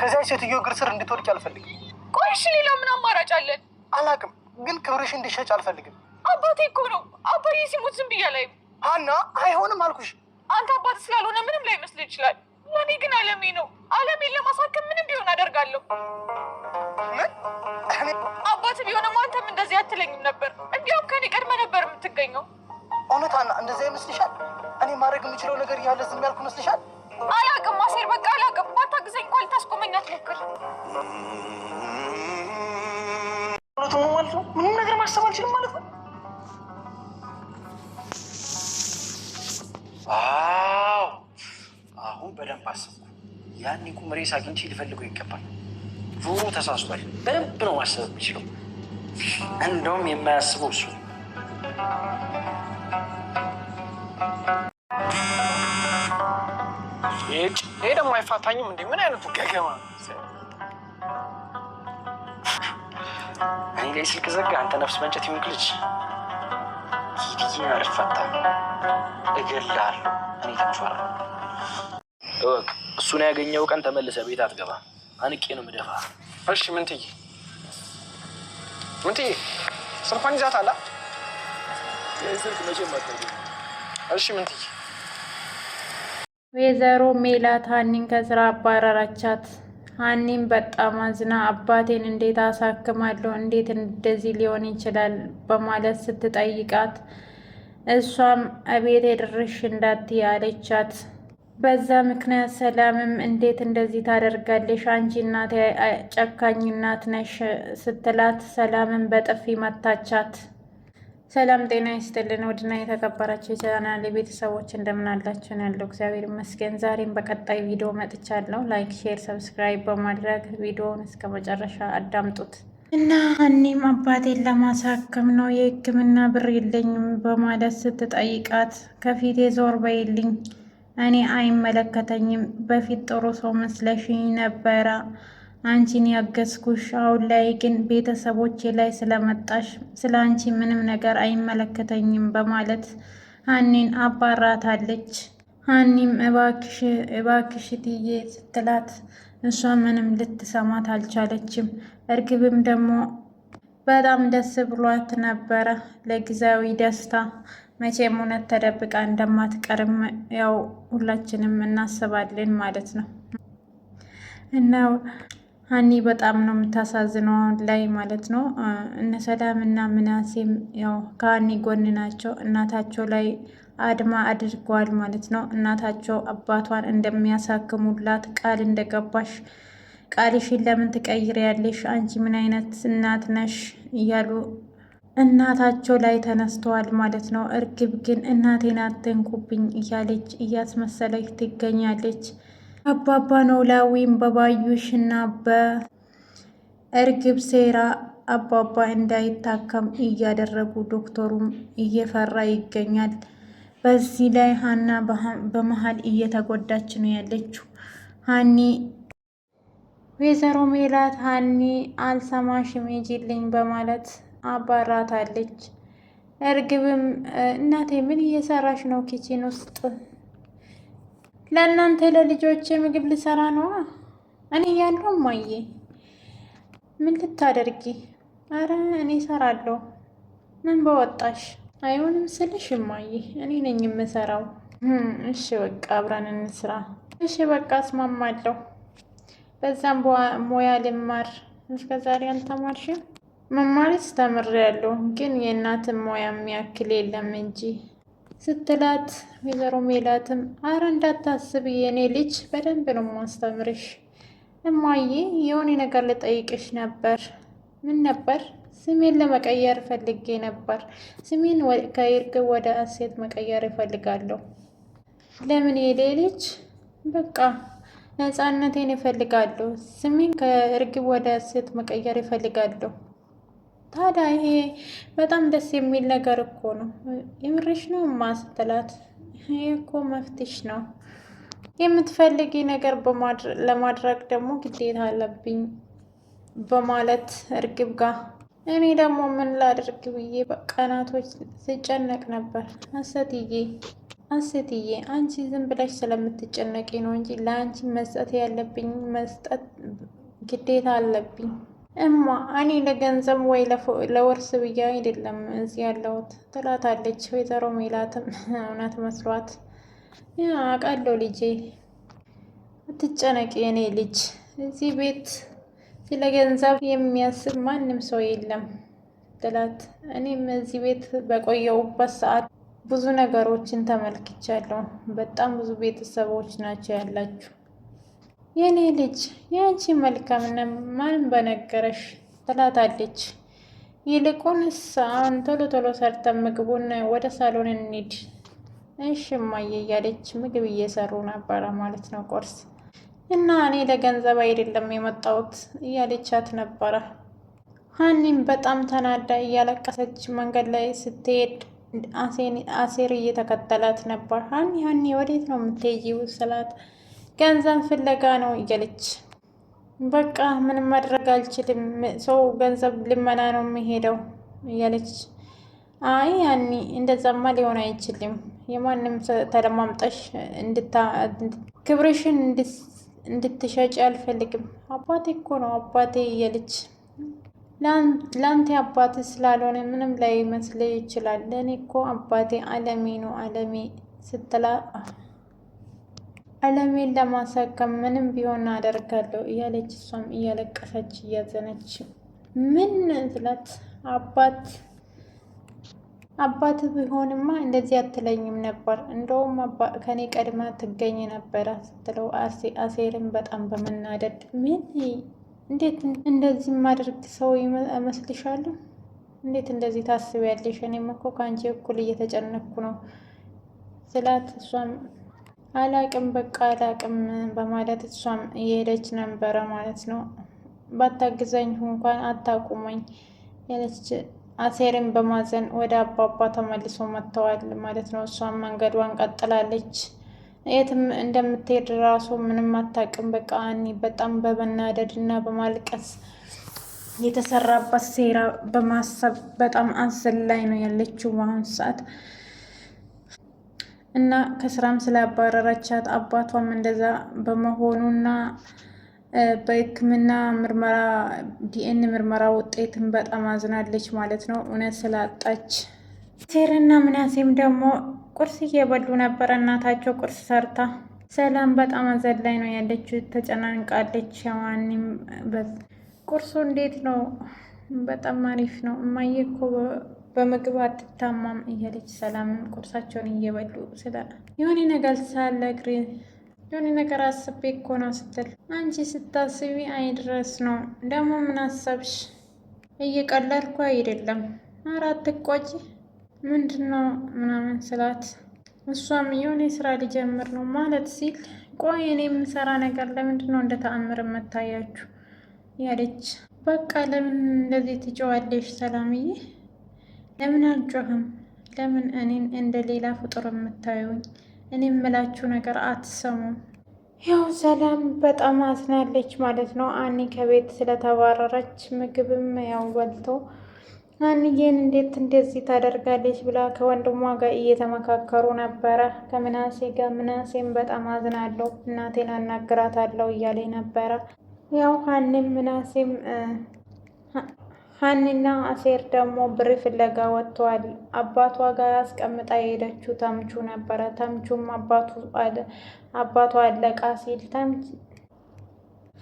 ከዚያ ሴትዮ እግር ስር እንድትወድቅ አልፈልግም። ቆይ ሌላ ምን አማራጭ አለን? አላቅም፣ ግን ክብርሽ እንዲሸጭ አልፈልግም። አባቴ እኮ ነው። አባዬ ሲሞት ዝም ብያ ላይ አና አይሆንም አልኩሽ። አንተ አባት ስላልሆነ ምንም ላይ መስል ይችላል። ለእኔ ግን አለሜ ነው። አለሜን ለማሳከም ምንም ቢሆን አደርጋለሁ። ምን አባት ቢሆንም አንተም እንደዚህ አትለኝም ነበር። እንዲያውም ከኔ ቀድመ ነበር የምትገኘው። እውነት አና እንደዚያ ይመስልሻል? እኔ ማድረግ የምችለው ነገር ያለ ዝም ያልኩ ይመስልሻል? ምንም ነገር ማሰብ አልችልም ማለት ነው። አሁን በደንብ አሰብኩ። ያን ቁም ሬሳ አግኝቼ ሊፈልገው ይገባል። ጆሮ ተሳስቷል። በደንብ ነው ማሰብ የሚችለው። እንደውም የማያስበው እሱ ይሄ ደግሞ አይፋታኝም እንዴ? ምን አይነቱ ገገማ! እኔ ላይ ስልክ ዘጋ። አንተ ነፍስ መንጨት እገላለሁ። እኔ እወቅ። እሱን ያገኘው ቀን ተመልሰ ቤት አትገባ። አንቄ ነው ምደፋ። እሺ ምንትዬ፣ ምንትዬ ስልኳን ይዛት አላ ስልክ መቼ እሺ ምንትዬ ወይዘሮ ሜላት ሀኒን ከስራ አባረራቻት። ሀኒም በጣም አዝና አባቴን እንዴት አሳክማለሁ? እንዴት እንደዚህ ሊሆን ይችላል? በማለት ስትጠይቃት እሷም እቤት ድርሽ እንዳት ያለቻት። በዛ ምክንያት ሰላምም እንዴት እንደዚህ ታደርጋለሽ? አንቺ እናት ጨካኝ እናት ነሽ ስትላት ሰላምን በጥፊ መታቻት። ሰላም ጤና ይስጥልን። ውድና የተከበራችሁ የቻናል ቤተሰቦች እንደምን አላችሁ? ያለው እግዚአብሔር ይመስገን። ዛሬም በቀጣይ ቪዲዮ መጥቻለሁ። ላይክ፣ ሼር፣ ሰብስክራይብ በማድረግ ቪዲዮውን እስከ መጨረሻ አዳምጡት እና እኔም አባቴን ለማሳከም ነው የሕክምና ብር የለኝም በማለት ስትጠይቃት ከፊቴ ዞር በይልኝ፣ እኔ አይመለከተኝም። በፊት ጥሩ ሰው መስለሽኝ ነበረ አንቺን ያገዝኩሽ። አሁን ላይ ግን ቤተሰቦቼ ላይ ስለመጣሽ ስለ አንቺ ምንም ነገር አይመለከተኝም በማለት ሀኒን አባራታለች። ሀኒም እባክሽ ትዬ ስትላት እሷ ምንም ልትሰማት አልቻለችም። እርግብም ደግሞ በጣም ደስ ብሏት ነበረ ለጊዜያዊ ደስታ። መቼም እውነት ተደብቃ እንደማትቀርም ያው ሁላችንም እናስባለን ማለት ነው እና ሀኒ በጣም ነው የምታሳዝነው አሁን ላይ ማለት ነው። እነ ሰላም እና ምናሴም ያው ከሀኒ ጎን ናቸው። እናታቸው ላይ አድማ አድርገዋል ማለት ነው። እናታቸው አባቷን እንደሚያሳክሙላት ቃል እንደገባሽ ቃልሽን ለምን ትቀይሪያለሽ? አንቺ ምን አይነት እናት ነሽ? እያሉ እናታቸው ላይ ተነስተዋል ማለት ነው። እርግብ ግን እናቴን አትንኩብኝ እያለች እያስመሰለች ትገኛለች። አባባ ኖላዊም እና በእርግብ ሴራ አባባ እንዳይታከም እያደረጉ ዶክተሩም እየፈራ ይገኛል። በዚህ ላይ ሀና በመሀል እየተጎዳች ነው ያለችው። ሀኒ ወይዘሮ ሜላት ሀኒ አልሰማሽም ሂጂልኝ በማለት አባራታለች። እርግብም እናቴ ምን እየሰራሽ ነው ኪችን ውስጥ ለእናንተ ለልጆች ምግብ ልሰራ ነዋ። እኔ ያለው ማየ ምን ልታደርጊ? አረ እኔ ሰራለሁ። ምን በወጣሽ? አይሆንም ስልሽ እማዬ እኔ ነኝ የምሰራው። እሺ በቃ አብረን እንስራ። እሺ በቃ አስማማለሁ በዛም ሙያ ልማር። እስከ ዛሬ አልተማርሽም? ስተምር ተምሬያለሁ፣ ግን የእናትን ሙያ የሚያክል የለም እንጂ ስትላት ወይዘሮ ሜላትም አረ እንዳታስብ የኔ ልጅ በደንብ ነው ማስተምርሽ። እማዬ የሆነ ነገር ልጠይቅሽ ነበር። ምን ነበር? ስሜን ለመቀየር ፈልጌ ነበር። ስሜን ከይርግ ወደ አሴት መቀየር ይፈልጋለሁ? ለምን? የሌ ልጅ በቃ ነፃነቴን ይፈልጋለሁ። ስሜን ከእርግብ ወደ አሴት መቀየር ይፈልጋለሁ? ታዲያ ይሄ በጣም ደስ የሚል ነገር እኮ ነው። የምርሽ ነው ማስትላት ይሄ እኮ መፍትሽ ነው የምትፈልጊ ነገር ለማድረግ ደግሞ ግዴታ አለብኝ በማለት እርግብ ጋር እኔ ደግሞ ምን ላድርግ ብዬ ቀናቶች ስጨነቅ ነበር። አሰትዬ አሰትዬ አንቺ ዝም ብለሽ ስለምትጨነቂ ነው እንጂ ለአንቺ መስጠት ያለብኝ መስጠት ግዴታ አለብኝ እማ እኔ ለገንዘብ ወይ ለውርስ ብዬ አይደለም እዚህ ያለሁት ትላታለች። ወይዘሮ ሜላትም እውነት መስሏት አውቃለሁ ልጄ፣ አትጨነቂ የኔ ልጅ፣ እዚህ ቤት ስለ ገንዘብ የሚያስብ ማንም ሰው የለም ትላት። እኔም እዚህ ቤት በቆየሁበት ሰዓት ብዙ ነገሮችን ተመልክቻለሁ። በጣም ብዙ ቤተሰቦች ናቸው ያላችሁ የኔ ልጅ የአንቺ መልካምነት ማን በነገረሽ ትላታለች። ይልቁንስ አሁን ቶሎ ቶሎ ሰርተን ምግቡን ወደ ሳሎን እንሂድ። እሺ እማዬ እያለች ምግብ እየሰሩ ነበረ ማለት ነው ቁርስ እና እኔ ለገንዘብ አይደለም የመጣሁት እያለቻት ነበረ። ሀኒም በጣም ተናዳ እያለቀሰች መንገድ ላይ ስትሄድ አሴር እየተከተላት ነበር። ሀኒ ሀኒ ወዴት ነው የምትሄጂው ስላት ገንዘብ ፍለጋ ነው እያለች በቃ ምንም ማድረግ አልችልም፣ ሰው ገንዘብ ልመና ነው የሚሄደው እያለች አይ ያኒ እንደዛማ ሊሆን አይችልም። የማንም ተለማምጠሽ ክብርሽን እንድትሸጭ አልፈልግም። አባቴ እኮ ነው አባቴ እያለች ለአንተ አባት ስላልሆነ ምንም ላይ መስል ይችላል። ለእኔ እኮ አባቴ አለሜ ነው አለሜ ስትላ አለሜን ለማሳከም ምንም ቢሆን አደርጋለሁ እያለች እሷም እያለቀሰች እያዘነች ምን ስላት አባት አባት ቢሆንማ እንደዚህ አትለኝም ነበር፣ እንደውም ከኔ ቀድማ ትገኝ ነበረ ስትለው አሴርን በጣም በመናደድ ምን እንዴት እንደዚህ ማድረግ ሰው እመስልሻለሁ? እንዴት እንደዚህ ታስቢያለሽ? እኔም እኮ ከአንቺ እኩል እየተጨነኩ ነው ስላት እሷም አላቅም በቃ አላቅም በማለት እሷም እየሄደች ነበረ ማለት ነው። ባታግዘኝ እንኳን አታቁመኝ ያለች አሴርን በማዘን ወደ አባባ ተመልሶ መጥተዋል ማለት ነው። እሷም መንገዷን ቀጥላለች። የትም እንደምትሄድ ራሱ ምንም አታቅም። በቃ አኒ በጣም በመናደድ እና በማልቀስ የተሰራበት ሴራ በማሰብ በጣም አዘን ላይ ነው ያለችው በአሁኑ ሰዓት። እና ከስራም ስላባረረቻት አባቷም እንደዛ በመሆኑና በሕክምና ምርመራ ዲኤን ምርመራ ውጤትን በጣም አዝናለች ማለት ነው። እውነት ስላጣች ሴርና ምናሴም ደግሞ ቁርስ እየበሉ ነበረ። እናታቸው ቁርስ ሰርታ ሰላም በጣም አዘን ላይ ነው ያለችው፣ ተጨናንቃለች። ያዋኒም ቁርሱ እንዴት ነው? በጣም አሪፍ ነው እማዬ እኮ በምግብ አትታማም እያለች ሰላምን ቁርሳቸውን እየበሉ ስለ የሆነ ነገር ሳለግር የሆነ ነገር አስቤ እኮ ነው ስትል አንቺ ስታስቢ አይድረስ ነው ደግሞ ምን አሰብሽ? እየቀለልኩ አይደለም። ኧረ አትቆጪ ምንድን ነው ምናምን ስላት እሷም የሆነ ስራ ሊጀምር ነው ማለት ሲል ቆይ እኔ የምሰራ ነገር ለምንድን ነው እንደ ተአምር የምታያችሁ? ያለች በቃ ለምን እንደዚህ ትጨዋለሽ ሰላምዬ ለምን አልጮህም? ለምን እኔን እንደ ሌላ ፍጡር የምታዩኝ? እኔ የምላችሁ ነገር አትሰሙም? ያው ሰላም በጣም አዝናለች ማለት ነው። አኒ ከቤት ስለተባረረች ምግብም ያው በልቶ አንዬን እንዴት እንደዚህ ታደርጋለች ብላ ከወንድሟ ጋር እየተመካከሩ ነበረ። ከምናሴ ጋር ምናሴም በጣም አዝናለሁ እናቴን አናግራታለሁ እያለኝ ነበረ። ያው ሀኒም ምናሴም ሀኒና አሴር ደግሞ ብር ፍለጋ ወጥተዋል። አባቷ ጋር አስቀምጣ የሄደችው ተምቹ ነበረ። ተምቹም አባቷ አለቃ ሲል ተምች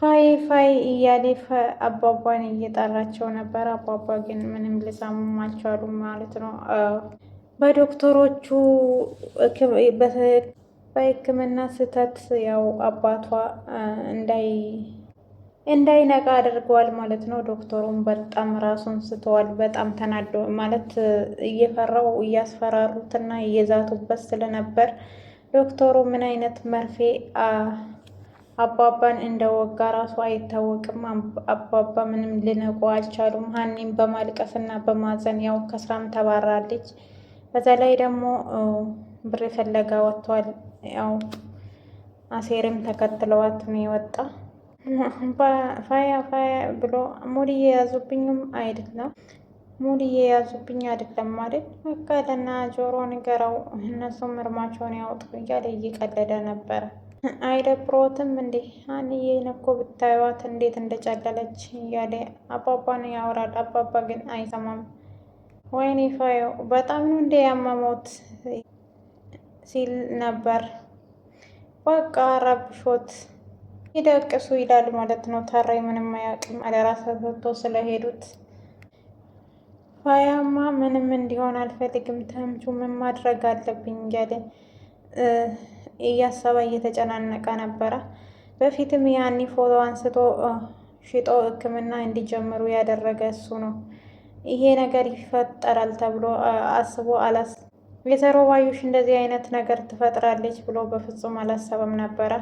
ፋይ ፋይ እያሌ አባቧን እየጠራቸው ነበር። አባቧ ግን ምንም ሊሰሙም አልቻሉም ማለት ነው። በዶክተሮቹ በሕክምና ስህተት ያው አባቷ እንዳይ እንዳይነቃ አድርገዋል ማለት ነው። ዶክተሩም በጣም ራሱን ስተዋል። በጣም ተናዶ ማለት እየፈራው እያስፈራሩትና እየዛቱበት ስለነበር ዶክተሩ ምን አይነት መርፌ አባባን እንደወጋ ራሱ አይታወቅም። አባባ ምንም ሊነቁ አልቻሉም። ሀኒም በማልቀስ በማዘን ያው ከስራም ተባራለች። በዛ ላይ ደግሞ ብር ፍለጋ ወጥቷል። ያው አሴርም ተከትለዋት ነው የወጣ ፋያ ፋያ ብሎ ሙድ እየያዙብኝም አይደለም ሙድ እየያዙብኝ አይደለም ማለት በቀለና ጆሮ ንገረው፣ እነሱም እርማቸውን ያውጡ እያለ እየቀለደ ነበረ። አይደብሮትም እንዴ ሀኒዬን እኮ ብታዩዋት እንዴት እንደጨለለች እያለ አባባን ያወራል። አባባ ግን አይሰማም። ወይኔ ፋየው በጣም ነው እንደ ያመሞት ሲል ነበር። በቃ ረብሾት ይደቅሱ ይላል ማለት ነው። ታራይ ምንም አያውቅም። አደራ ሰጥቶ ስለሄዱት ፋያማ ምንም እንዲሆን አልፈልግም፣ ተምቹ ምን ማድረግ አለብኝ እያለ እያሰባ እየተጨናነቀ ነበረ። በፊትም ያኒ ፎቶ አንስቶ ሽጦ ሕክምና እንዲጀምሩ ያደረገ እሱ ነው። ይሄ ነገር ይፈጠራል ተብሎ አስቦ አላስ ወይዘሮ ባዩሽ እንደዚህ አይነት ነገር ትፈጥራለች ብሎ በፍጹም አላሰበም ነበረ።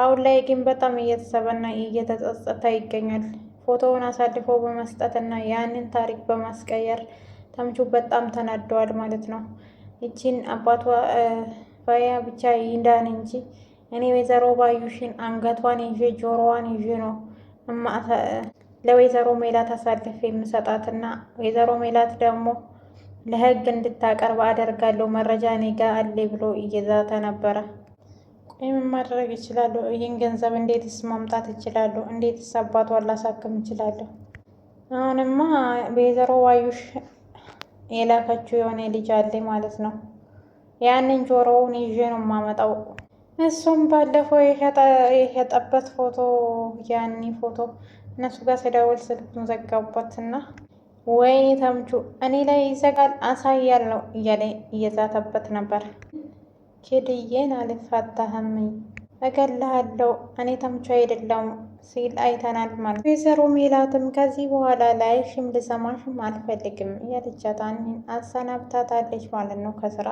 አሁን ላይ ግን በጣም እየተሰበና እየተጸጸተ ይገኛል። ፎቶውን አሳልፎ በመስጠት ያንን ታሪክ በማስቀየር ተምቹ በጣም ተናደዋል ማለት ነው። ይቺን አባቷ ባያ ብቻ ይንዳን እንጂ እኔ ወይዘሮ ባዩሽን አንገቷን ይዤ ጆሮዋን ይዤ ነው ለወይዘሮ ሜላት አሳልፌ የምሰጣት ወይዘሮ ሜላት ደግሞ ለህግ እንድታቀርብ አደርጋለሁ መረጃ እኔ ጋ አለ ብሎ እየዛተ ነበረ። ይህም ማድረግ እችላለሁ፣ ይህን ገንዘብ እንዴትስ ማምጣት እችላለሁ፣ እንዴትስ አባቷን ላሳክም እችላለሁ። አሁንማ ወይዘሮ ዋዩሽ የላከችው የሆነ ልጅ አለ ማለት ነው። ያንን ጆሮውን ይዤ ነው የማመጣው። እሱም ባለፈው የሸጠበት ፎቶ ያኒ ፎቶ እነሱ ጋር ስደውል ስልኩን ዘጋበት እና ወይኔ ተምቹ እኔ ላይ ይዘጋል አሳያለሁ እያለ እየዛተበት ነበር። ኪድዬን አልፋታህም እገልሃለሁ እኔ ተምቹ አይደለሁም ሲል አይተናል ማለት ወይዘሮ ሜላትም ከዚህ በኋላ ላይ ሽም ልሰማሽም አልፈልግም የልጃታን አሰናብታታለች ማለት ነው ከስራ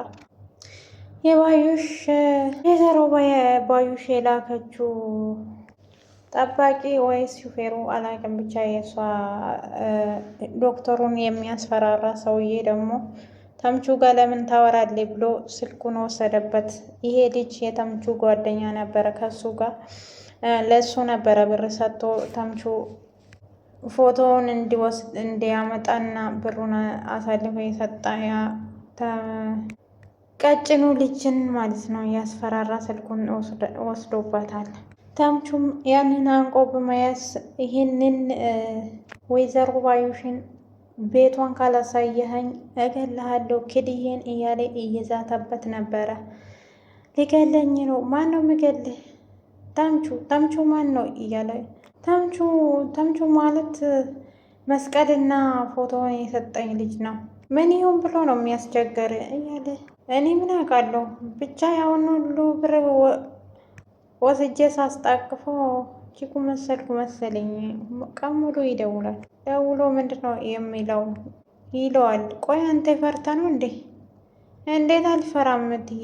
የባዩሽ ወይዘሮ ባዩሽ የላከችው ጠባቂ ወይስ ሹፌሩ አላቅም ብቻ የእሷ ዶክተሩን የሚያስፈራራ ሰውዬ ደግሞ ተምቹ ጋር ለምን ታወራለህ ብሎ ስልኩን ወሰደበት። ይሄ ልጅ የተምቹ ጓደኛ ነበረ። ከሱ ጋር ለሱ ነበረ ብር ሰጥቶ ተምቹ ፎቶውን እንዲወስድ እንዲያመጣና ብሩን አሳልፎ የሰጣ ቀጭኑ ልጅን ማለት ነው ያስፈራራ። ስልኩን ወስዶበታል። ተምቹም ያንን አንቆ በመያዝ ይህንን ወይዘሮ ባዩሽን ቤቷን ካላሳየኸኝ እገልሃለሁ ክድዬን እያለ እየዛተበት ነበረ። ሊገለኝ ነው። ማን ነው ምገልህ? ታምቹ ታምቹ ማን ነው እያለ ታምቹ ታምቹ ማለት መስቀልና ፎቶውን የሰጠኝ ልጅ ነው። ምን ይሁን ብሎ ነው የሚያስቸግር እያለ እኔ ምን አውቃለሁ ብቻ ያሁን ሁሉ ብር ወስጄ ሳስጣቅፎ ኪኩ መሰልኩ መሰለኝ ቀን ሙሉ ይደውላል። ደውሎ ምንድን ነው የሚለው ይለዋል። ቆይ አንተ ፈርተ ነው እንዴ? እንዴት አልፈራም እትዬ፣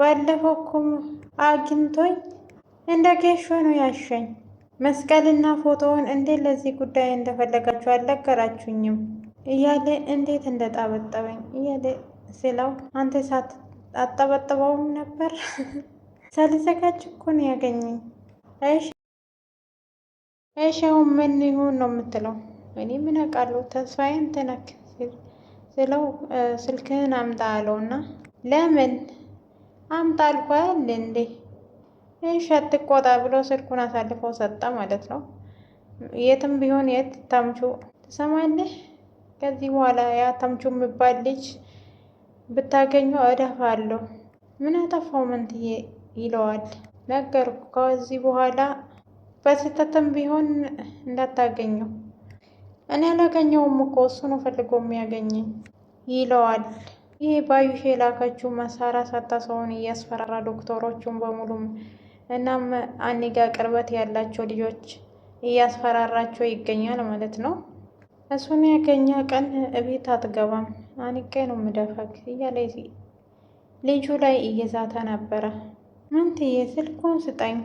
ባለፈው እኮ አግኝቶኝ እንደ ጌሾ ነው ያሸኝ። መስቀልና ፎቶውን እንዴት ለዚህ ጉዳይ እንደፈለጋችሁ አልነገራችሁኝም እያለ እንዴት እንደጣበጠበኝ እያለ ስለው አንተ ሳት አጠበጥበውም ነበር ሳልዘጋጅ እኮ ነው ያገኘኝ እሺው ምን ይሁን ነው የምትለው። እኔ ምን አውቃለሁ ተስፋዬን ትነክ ስለው ስልክህን አምጣ አለውና ለምን አምጣ አልኳል እንዴ እሺ አትቆጣ ብሎ ስልኩን አሳልፎ ሰጠ ማለት ነው። የትም ቢሆን የት ተምቹ ትሰማለህ፣ ከዚህ በኋላ ያ ተምቹ የሚባል ልጅ ብታገኘው እደፋለሁ። ምን አጠፋው መንትዬ ይለዋል። ነገርኩ ከዚህ በኋላ በስህተትም ቢሆን እንዳታገኘው። እኔ አላገኘውም እኮ እሱ ነው ፈልጎ የሚያገኘኝ ይለዋል። ይህ ባዩሽ የላከችው መሳሪያ ሳታ ሰውን እያስፈራራ ዶክተሮቹን በሙሉም እናም አኒጋ ቅርበት ያላቸው ልጆች እያስፈራራቸው ይገኛል ማለት ነው። እሱን ያገኘ ቀን እቤት አትገባም፣ አንቄ ነው ምደፈግ እያለ ልጁ ላይ እየዛተ ነበረ። አንትዬ ስልኩን ስጠኝ፣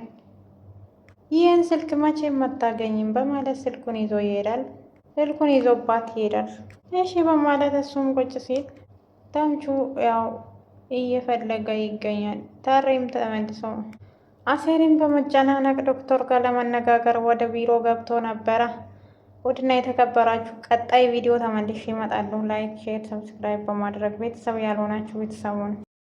ይህን ስልክ መቼ አታገኝም በማለት ስልኩን ይዞ ይሄዳል። ስልኩን ይዞባት ይሄዳል። እሺ በማለት እሱም ቁጭ ሲል ተምቹ ያው እየፈለገ ይገኛል። ታሬም ተመልሶ አሴሪን በመጨናነቅ ዶክተር ጋር ለመነጋገር ወደ ቢሮ ገብቶ ነበረ። ውድና የተከበራችሁ ቀጣይ ቪዲዮ ተመልሼ እመጣለሁ። ላይክ፣ ሼር፣ ሰብስክራይብ በማድረግ ቤተሰብ ያልሆናችሁ ቤተሰቡን ነው።